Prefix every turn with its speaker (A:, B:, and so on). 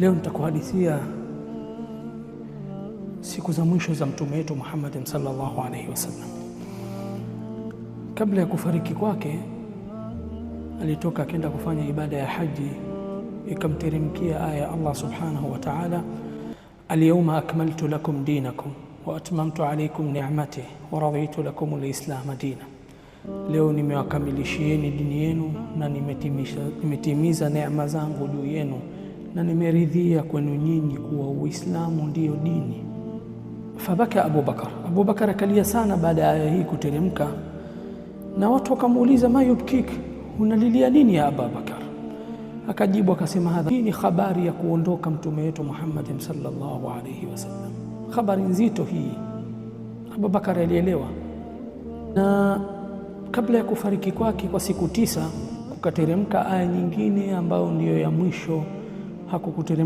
A: Leo nitakuhadithia siku za mwisho za mtume wetu Muhammad sallallahu alaihi wasallam. Kabla ya kufariki kwake, alitoka akenda kufanya ibada ya haji, ikamteremkia aya ya Allah subhanahu wa ta'ala, alyauma akmaltu lakum dinakum wa atmamtu alaykum ni'mati wa raditu lakum alislama dina, leo nimewakamilishieni dini yenu na nimetimiza neema zangu juu yenu na nimeridhia kwenu nyinyi kuwa Uislamu ndiyo dini. Fabaka Abubakar, Abubakar akalia sana baada ya aya hii kuteremka, na watu wakamuuliza mayubkik, unalilia nini ya Abubakar? Akajibu akasema hadha, hii ni habari ya kuondoka mtume wetu muhammadi sallallahu alaihi wasallam. Habari nzito hii. Abubakar alielewa, na kabla ya kufariki kwake kwa siku tisa kukateremka aya nyingine ambayo ndiyo ya mwisho hakukuteremka